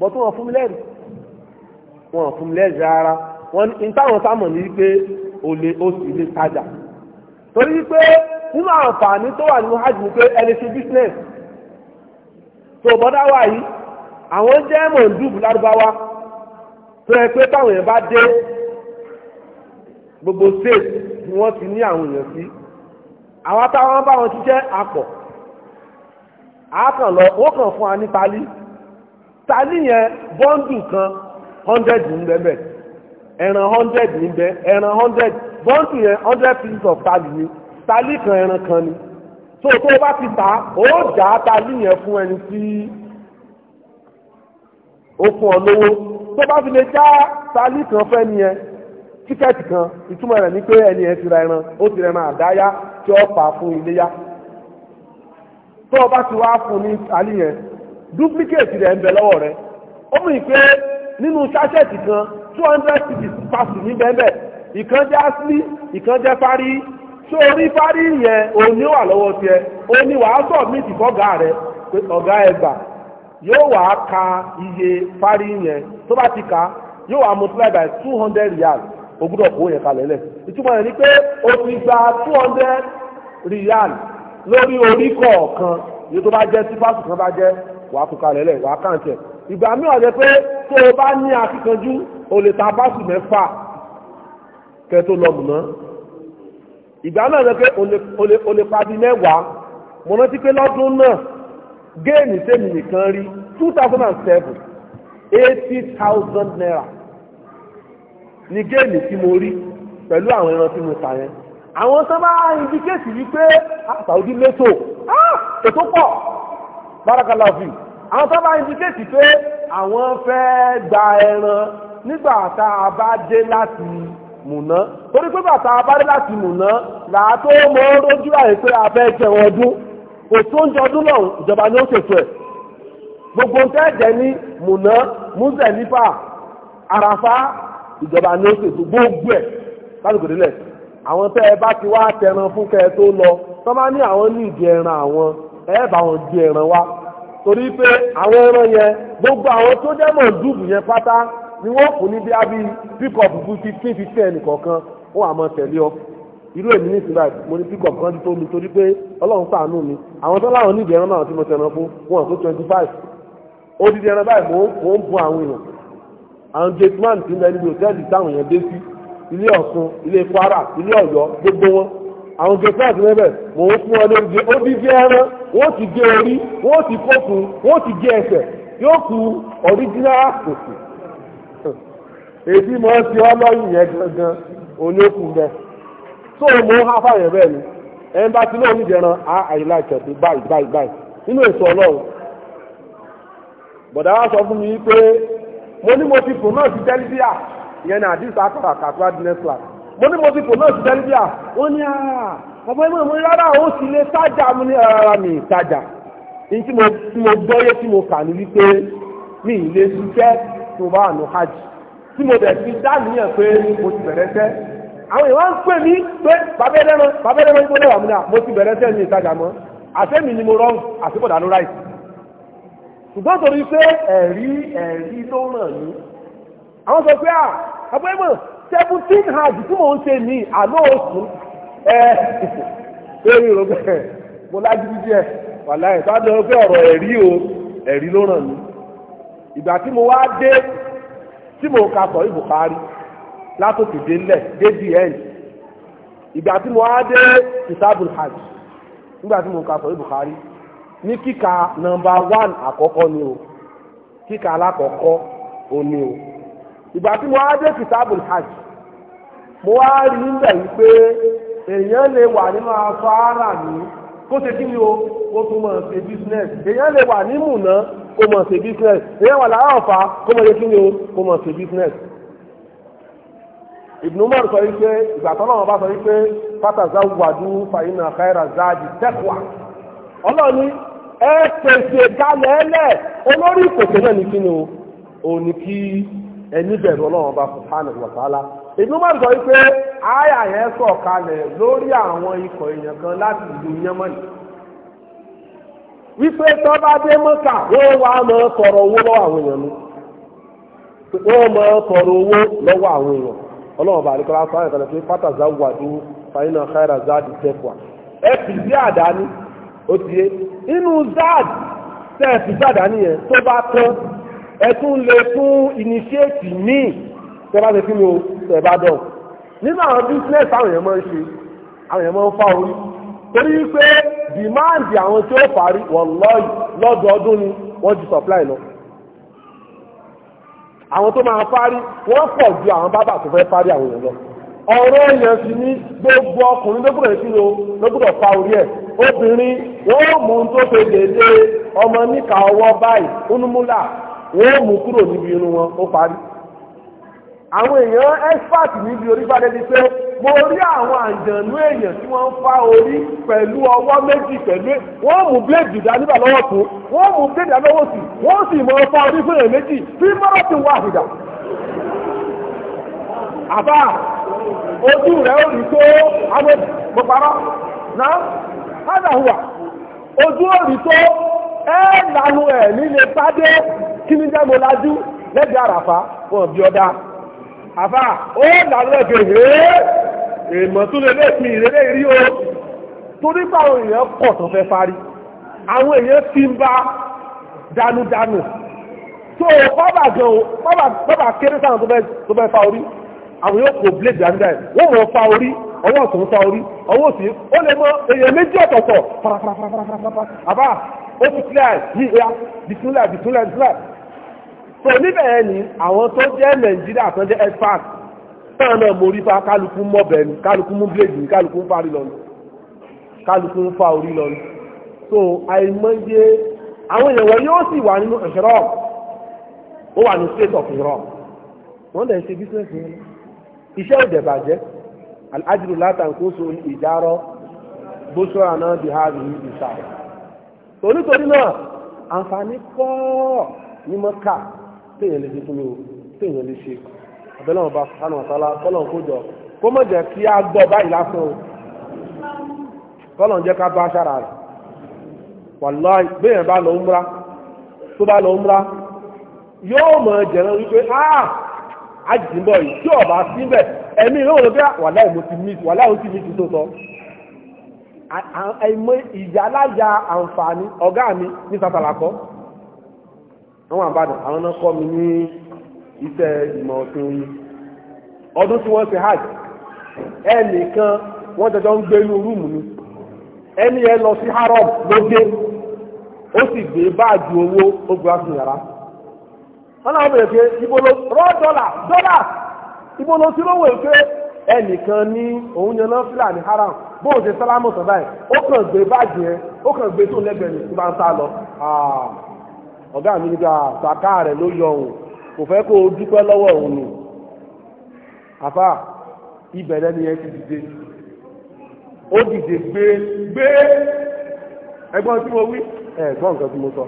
Speaker 1: bọ́ tó wọn fún mi lẹ́rìí wọn fún mi lẹ́rìí rárá wọn ní o lè o sì lè tajà torí pé nínú àǹfààní tó wà nínú hajj ni pé ẹni ṣe business tó bọ́dá wà yìí àwọn jẹ́ mọ̀ndúbù lárúbáwá tó yẹ pé táwọn èèyàn bá dé gbogbo state ni wọ́n ti ní àwọn èèyàn sí àwọn táwọn bá wọn ṣiṣẹ́ apọ̀ àákàn lọ wọ́n kàn fún wa ní tálí tálí yẹn bọ́ńdù kan hundred ń bẹ́ẹ̀ bẹ́ẹ̀. ẹran hundred níbẹ̀ ẹran hundred bọ́ǹtì yẹn hundred pieces of tali ni tali kan ẹran kan ni so tó bá ti tà ó jà á tali yẹn fún ẹni tí ó fún ọ lówó tó bá fi lè já tali kan fẹ́ ni tíkẹ́ẹ̀tì kan ìtumọ̀ rẹ̀ ni pé ẹni yẹn ti ra ẹran ó ti àdáyá tí ó fà fún iléyá tó bá ti wá fún ní tali yẹn duplicate rẹ̀ ń bẹ lọ́wọ́ rẹ̀ ó mú ìpè nínú kan two hundred cities pass ní bẹ́ẹ̀ ìkan jẹ́ asli ìkan jẹ́ parí ṣé orí parí yẹn òní wà lọ́wọ́ tiẹ̀ òní wàá submit fọ́gà rẹ̀ pé ọ̀gá ẹ̀ gbà yóò wà á ka iye parí yẹn tó bá ti kà yóò wà multiply by two hundred riyal ó gbọ́dọ̀ kó yẹn kalẹ̀ lẹ̀ ìtumọ̀ yẹn ni pé o ti gba two hundred riyal lórí orí kọ̀ọ̀kan yóò tó bá jẹ́ sípàṣù kan bá jẹ́ wàá kó kalẹ̀ lẹ̀ wàá kàǹtẹ̀ ìgbà mi ọ̀dẹ pé tó o bá ní akíkanjú o lè ta báàsì mẹ́fà kẹ́ tó lọ mùná ìgbà náà lọ pé o lè pa bí mẹ́wàá mo rántí pé lọ́dún náà géèmì sẹ́mi nìkan rí two thousand and seven eighty thousand naira ni géèmì tí mo rí pẹ̀lú àwọn ẹran tí mo tà yẹn àwọn tó bá indikéèsì wípé àtàwọn ojú létò ètò pọ̀ bárakàlá fi àwọn tó bá indicate pé àwọn fẹ́ gba ẹran nígbà tá a bá dé láti mùná torí pé bàtà a bá dé láti mùná làá tó mọ lójú àyè pé a fẹ́ jẹun ọdún òtú oúnjẹ ọdún náà ìjọba ni ó ṣètò ẹ̀ gbogbo ń tẹ́jẹ̀ ní mùná múzẹ̀lífà àràfá ìjọba ni ó ṣètò gbogbo ẹ̀ lálùkò délẹ̀ àwọn tẹ́ ẹ bá ti wá tẹran fún kẹ́ ẹ tó lọ tọ́ bá ní àwọn ní ìdí ẹran àwọn ẹ bá wọn di ẹran wá torí pé àwọn ẹran yẹn gbogbo àwọn tó jẹ́ mọ̀ yẹn pátá ni wọ́n kù ní bí abí pickup fifty fifty fifty ẹnì ó tẹ̀lé ọ irú èmi ní ìsinmi mo ní kan tómi torí pé ọlọ́run mi àwọn tó láwọn ẹran náà tí mo fún twenty five odidi ẹran báyìí mò ń bu àwọn àwọn jẹ kíláàsì lẹ́bẹ̀ mò ń fún ọ lóúnjẹ wọ́n ti gé orí wọ́n ti fókun wọ́n ti gé ẹsẹ̀ yóò ku ọ̀ríjínà kòkò èyí mọ̀ ọ́ ọlọ́yìn yẹn gangan tó mọ̀ bẹ́ẹ̀ ni bá ti ní báyìí báyìí báyìí nínú ọlọ́run mo ní mo ti kò náà a sẹ́ríbíà ó ní àà ah, bàbá ẹ̀mọ́ mi rárá ó sì lè tájà mo ní rárá mi tájà ní tí mo gbọ́yé tí mo kà ní wípé mi ì lè ṣiṣẹ́ tó bá wà hajj tí mo dẹ̀ fi dáníyàn pé mo ti bẹ̀rẹ̀ sẹ́ àwọn ìwà ń pè mí pé bàbá ẹ̀rọ bàbá ẹ̀rọ ìgbóná wà múlẹ̀ mo ti bẹ̀rẹ̀ sẹ́ ní ìtajà mọ́ àfẹ́mi ni mo rọ́ àfikọ̀dà ló ráì ṣùgbọ́n torí pé ẹ̀rí ẹ̀rí ló ràn mí àwọn sọ pé à àbọ̀ ẹ̀mọ̀ seventeen hajj tí mò ń ṣe ní àná oṣù ẹ lórí ìrògbẹ mo lájú díẹ̀ wàlá ẹ̀ sáà lọ́wọ́ pé ọ̀rọ̀ ẹ̀rí o ẹ̀rí ló ràn mí ìgbà tí mo wá dé tí mo ka sọ ìbùkárí látòkè délẹ̀ débi ẹ̀ ìgbà tí mo wá dé ìsábùl hajj nígbà tí mo ka sọ ìbùkárí ní kíka nọ́mbà one àkọ́kọ́ ni o kíka alákọ̀ọ́kọ́ o ni o ìgbà tí mo wá dé kìtàbùl hajj mo wá rí níbẹ̀ wípé èèyàn lè wà nínú aṣọ ara mi kó ṣe kí ni o kó tún mọ̀ ṣe business èèyàn lè wà ní mùnà kó mọ̀ ṣe business èèyàn wà lára ọ̀fà kó mọ̀ ṣe kí ni o kó mọ̀ ṣe business. Ibn Umar sọ wípé ìgbà tó náà wọn bá sọ wípé fataza wàdú fàyínà káyìrà záàdì tẹ́kùwà ọlọ́ọ̀ni ẹ pèsè kalẹ̀ ẹlẹ̀ olórí ìpèsè náà ní kí ni o ò ní kí ẹni ọlọ́run ọba subhanahu wa ta'ala ìlú sọ wípé àyà yẹn kalẹ̀ lórí àwọn ikọ̀ èèyàn kan láti ìlú yẹmọ́nì wípé tó dé owó lọ́wọ́ àwọn èèyàn mi owó lọ́wọ́ àwọn èèyàn ọlọ́run ọba àdìkọ́lá sọ pé wà dúró fàyínà káyàrá záàdì ẹ bí àdáni ó ti yé ẹ̀tún lè fún initiate míì tẹ́bá ti fi mi o nínú àwọn business àwọn èèyàn máa ń ṣe àwọn èèyàn máa ń fá orí torí pé ni wọ́n ju supply lọ. àwọn tó máa parí wọ́n pọ̀ ju àwọn bábà tó fẹ́ parí àwọn èèyàn lọ. ọ̀rọ̀ èèyàn sì gbogbo ọkùnrin fa orí ẹ̀ obìnrin wọ́n mú ọmọ níkà ọwọ́ báyìí wọ́n mú kúrò níbi irun wọn ó parí àwọn èèyàn expert níbi orí gbádẹ́ pé mo rí àwọn àjànú èèyàn tí wọ́n ń fa orí pẹ̀lú ọwọ́ méjì pẹ̀lú wọ́n mú blade dá nígbà lọ́wọ́ wọ́n mú blade lọ́wọ́ sí wọ́n sì mọ fa orí fún èèyàn méjì bí ojú rẹ̀ rí tó parọ́ náà ojú rí tó ẹ lanu ẹ̀ nílé pàdé kí ní jẹ́ mo lajú lẹ́gbẹ̀ẹ́ àràfà wọn bí ọdá àfà ó lanu ẹ̀ gègé èèmọ̀ tó lè lẹ́ẹ̀pin ìrẹ́lẹ́ rí o torí pé àwọn èèyàn kọ̀ tó fẹ́ parí àwọn èèyàn ti ń bá dánúdánù tó bábà gan o bábà kéré sáwọn tó fẹ́ fa orí àwọn yóò kò blade and die wọ́n mọ̀ fa orí ọwọ́ ọ̀tún fa orí ọwọ́ òsì ó lè mọ èèyàn méjì ọ̀tọ̀ọ̀tọ̀ farafarafarafarafa àbá ó ti kílẹ̀ yíya bisimilá bisimilá bisimilá tó níbẹ̀ yẹn ni àwọn tó jẹ́ nàìjíríà tó jẹ́ expert náà náà mórí fa kálukú mọ̀bẹ̀ ni kálukú mú bíléèdì ni kálukú ń fa orí lọ ni kálukú ń fa orí lọ ni so àìmọye àwọn èèyàn wọn yóò sì wà nínú ìṣòro ó wà ní state of ìṣòro wọn lè ṣe business yẹn iṣẹ́ ìdẹ̀bàjẹ́ alájùlọ látàkóso ìdárọ̀ bóṣọ́ àná bihari ìṣàrẹ̀ torítorí náà àǹfààní pọ̀ ní mọ́ká téèyàn lè ṣe fún mi o téèyàn lè ṣe àbẹ́lẹ́ wọn bá sánà ọ̀tálá kọ́lọ̀ kó jọ kó mọ̀ jẹ́ kí á gbọ́ báyìí lásán o kọ́lọ̀ jẹ́ ká bá sára rẹ̀ wàláì béèyàn bá lọ múra tó bá lọ múra yóò mọ̀ jẹ̀rán wípé áà ah, àjìǹbọ̀ yìí tí ọ̀bá síbẹ̀ ẹ̀mí ìlú òun ló fẹ́ àìmọ̀ ìyálájà àǹfààní ọ̀gá mi ní sàtàlàkọ́ àwọn àbádàn àwọn náà kọ́ mi ní iṣẹ́ ìmọ̀ ọ̀tún yìí ọdún tí wọ́n ṣe hajj ẹnìkan wọ́n jọjọ́ ń gbé inú rúùmù mi ẹni yẹn lọ sí haram ló dé ó sì gbé báàgì owó ó gbé wá sí yàrá wọn náà bẹ̀rẹ̀ pé ibo ló rọ́ dọ́là dọ́là ibo ló ti rówó èké ẹnìkan ní òun yan náà fílà ní haram bóun ṣe sálámù tán báyìí ó kàn gbé báàgì yẹn ó kàn gbé tó lẹ́gbẹ̀ẹ́ ní ìbá ń sá lọ. Ah, ọ̀gá mi nígbà sàká rẹ̀ ló yọ òun kò fẹ́ kó o dúpẹ́ lọ́wọ́ òun ni. àfà ìbẹ̀rẹ̀ ni ẹ ti dìde ó dìde gbé gbé ẹgbọ́n tí mo wí ẹ̀gbọ́n nǹkan tí mo sọ.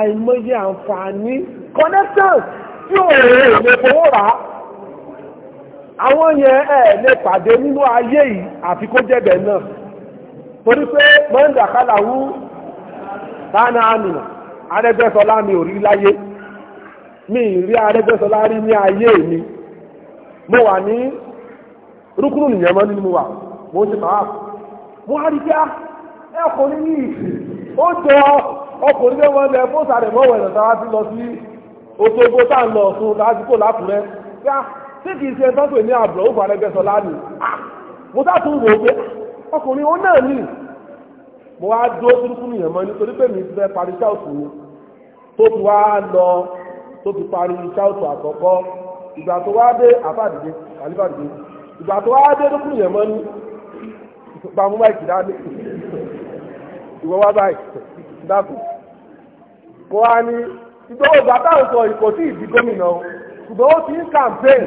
Speaker 1: àìmọye àǹfààní connections tí ò rè é lè fowó rà á. àwọn yẹn ẹ̀ lè pàdé nínú ayé yìí àfi kó jẹ́bẹ̀ náà torí pé mọ́ńdà kálàwú dáná arẹ́gbẹ́sọlá mi ò rí láyé mi rí arẹ́gbẹ́sọlá rí ní ayé mi mo wà ní rúkúrú nìyẹn mọ́ nínú wa mo ti mo á rí ah, kíá jọ ọkùnrin lẹ lọ sí Òṣogbo tí kìí ṣe tán pè ní àbúrò ó fàrẹgbẹsọ lánìí ah! mo sátún wò ó pé ọkùnrin ó náà nì mo wá dúró sírúkú nìyẹn mọ nítorí pé mi ti fẹ́ parí ṣáùtù mi tó fi wá lọ tó fi parí ṣáùtù àkọ́kọ́ ìgbà tó wá dé àfàdìdé àlífàdìdé ìgbà tó wá dé lókùn yẹn mọ ní bàmú báyìí dání ìwọ wá báyìí dákú mo wá ní ìgbọ́wọ́ ìgbà táwọn sọ ìkọ̀ sí ìdí gómìnà o ṣùgbọ́n ó ti ń campaign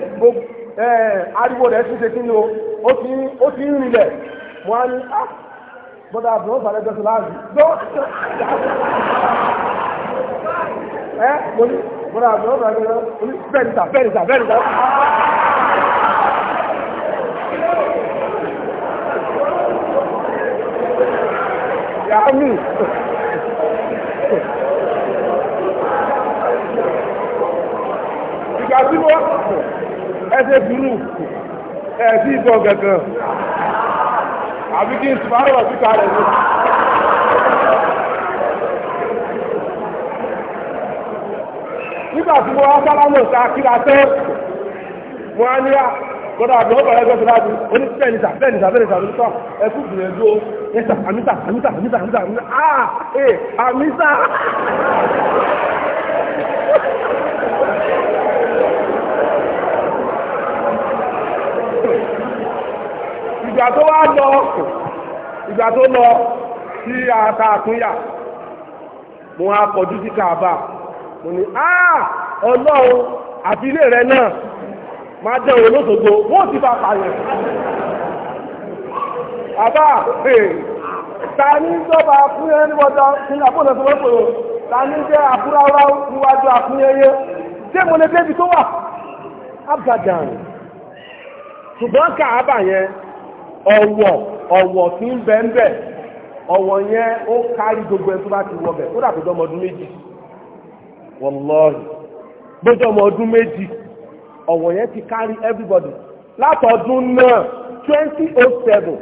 Speaker 1: eh, ariwo rẹ̀ ti ṣe kí ni o ó ti ń rinlẹ̀ mo á ní á bọ́dà àbúrò ìbàlẹ́jọ́ tó láàbì
Speaker 2: gbọ́ ẹ mo
Speaker 1: ní bọ́dà àbúrò ìbàlẹ́jọ́ tó ní bẹ́ẹ̀ níta bẹ́ẹ̀ níta bẹ́ẹ̀ níta. Yeah, I mean. dúró ẹsẹ̀ dúró ẹ̀sí ìtọ̀ gẹ̀gẹ̀ àbí kí n sùpárọ̀ síta rẹ̀ ní. nígbà tí wọ́n wá sálámọ̀ sí akíra tẹ́ wọ́n á ní kódà àbí wọ́n bẹ̀rẹ̀ gbọ́sọ̀ láti oní bẹ́ẹ̀ nìta bẹ́ẹ̀ nìta bẹ́ẹ̀ nìta ló tọ́ ẹkú gbìyànjú ó nìta àmìta àmìta àmìta àmìta àmìta àmìta ìgbà tó wá lọ ìgbà tó lọ sí ata àkúnyà mo wá kọjú sí Kaaba mo ní ah, ọlọ́run àti ilé rẹ náà máa dẹ̀ wọ́n lóṣogbo wọ́n ti bá pààyàn. Àbá ta ní sọ́ba akúnyẹ́ níwọ́jọ́ ní àpòlẹ̀ tó lọ́pọ̀ ta ní jẹ́ àkúráwá níwájú akúnyẹ́ yẹ. Ṣé mo lè débi tó wà? Abgadan. Ṣùgbọ́n Kàábà yẹn ọ̀wọ̀ ọ̀wọ̀ tí ń bẹ ń bẹ ọ̀wọ̀ yẹn ó kárí gbogbo ẹ tó bá ti wọ bẹ̀ kódà tó dọ́mọ ọdún méjì wọlọ́ọ̀rì gbọ́dọ̀ ọmọ ọdún méjì ọ̀wọ̀ yẹn ti kárí everybody látọ̀dún náà twenty oh seven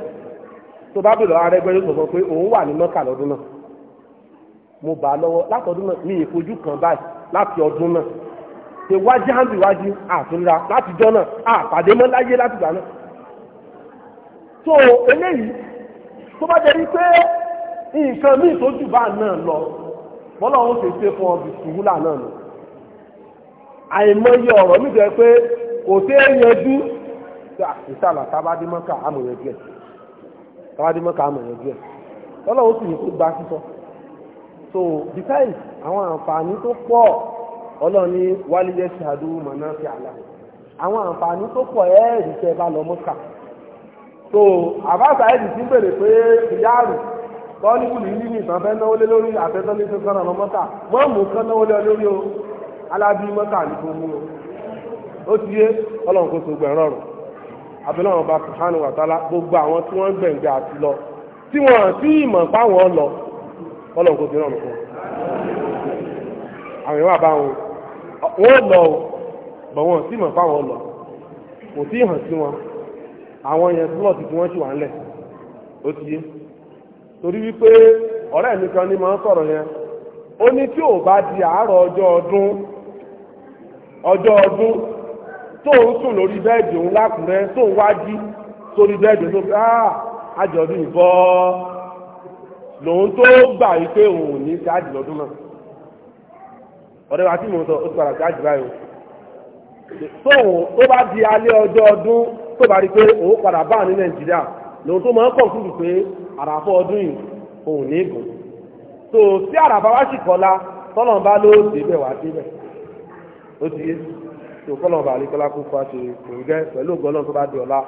Speaker 1: tó bá bèrè Arẹ́gbẹ́ yóò sọ pé òun wà ní mọ́kà lọ́dún náà mo bá lọ́wọ́ látọ̀dún náà mi ìfojú kan báyìí láti ọdún náà ṣe wájú hàn bí wájú àtúnra látijọ́ náà àpàdé mọ́ láyé látìgbà náà tó eléyìí tó bá jẹ́ wípé nǹkan míì tó jù bá náà lọ bọ́lá òun ṣe ṣe fún ọbì sùhúlà náà nù àìmọye ọ̀rọ̀ mi jẹ́ pé kò sí ẹ̀yẹjú ìsàlà tábádímọ́kà àmọ̀yẹjú ẹ̀ tábádímọ́kà àmọ̀yẹjú ẹ̀ bọ́lá òun sì ní kó gba sísọ so besides àwọn àǹfààní tó pọ̀ ọlọ́ni wálé yẹ́ ṣe àdúró mọ̀ náà fi àlà àwọn àǹfààní tó pọ̀ ẹ̀ẹ́dì tẹ́ bá lọ mọ́kà so àbáṣà ẹ̀dì tí ń bèrè pé ìyáàrù lọ́ọ́líkù ní nínú ìtàn fẹ́ náwó lé lórí àfẹ́sọ́ ní sísan ọ̀nà mọ́tà wọ́n mú kán náwó lé lórí o alábí mọ́tà ní kò mú o ó ti yé ọlọ́run kò so gbẹ̀rán rọ̀ abẹ́lẹ́ ọ̀rọ̀ bá sùhánù wàtálá gbogbo àwọn tí wọ́n gbẹ̀ǹgbẹ̀ àti lọ tí wọ́n tí ìmọ̀ báwọn lọ ọlọ́run kò dín ọ̀rùn fún àwọn ìwà báwọn wọ́n lọ bọ̀ wọ́n tí ìmọ̀ báwọn lọ kò tí ì sí wọn àwọn yẹn slọ́ọ̀tì tí wọ́n ṣì wà ńlẹ̀ ó ti yé torí wípé ọ̀rẹ́ mi kan ní máa ń sọ̀rọ̀ yẹn ó ní tí ò bá di àárọ̀ ọjọ́ ọdún ọjọ́ ọdún tó ń sùn lórí bẹ́ẹ̀dì òun lákùnrẹ́ tó ń wájí sórí bẹ́ẹ̀dì tó fi áà ah, àjọ̀dún ìbọ́ lòun tó gbà wípé òun ò ní gáàdì lọ́dún náà ọ̀rẹ́ wa tí mò sọ ó ti padà gáàdì báyìí tó bá di alẹ́ ọjọ́ ọdún tó bá rí pé òun padà bá ní nàìjíríà lòun tó máa ń kọ̀ǹkúrù pé àràfọ́ ọdún yìí òun ní gùn so tí àràfà wá sì kọ́lá tọ́lọ̀ bá ló débẹ̀ wá débẹ̀ ó ti yé tó kọ́lọ̀ bá rí kọ́lá kó fa ṣe òun gẹ́ pẹ̀lú ògbọ́nà tó bá di ọ̀la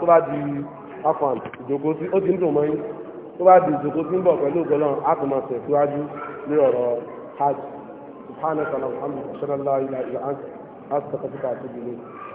Speaker 1: tó bá di afọ̀n ìjókòó sí ó ti ń dùn mọ́ yín tó bá di ìjókòó sí ń bọ̀ pẹ̀lú ògbọ́nà á tún ní ọ̀rọ̀ hajj subhanahu wa ta'ala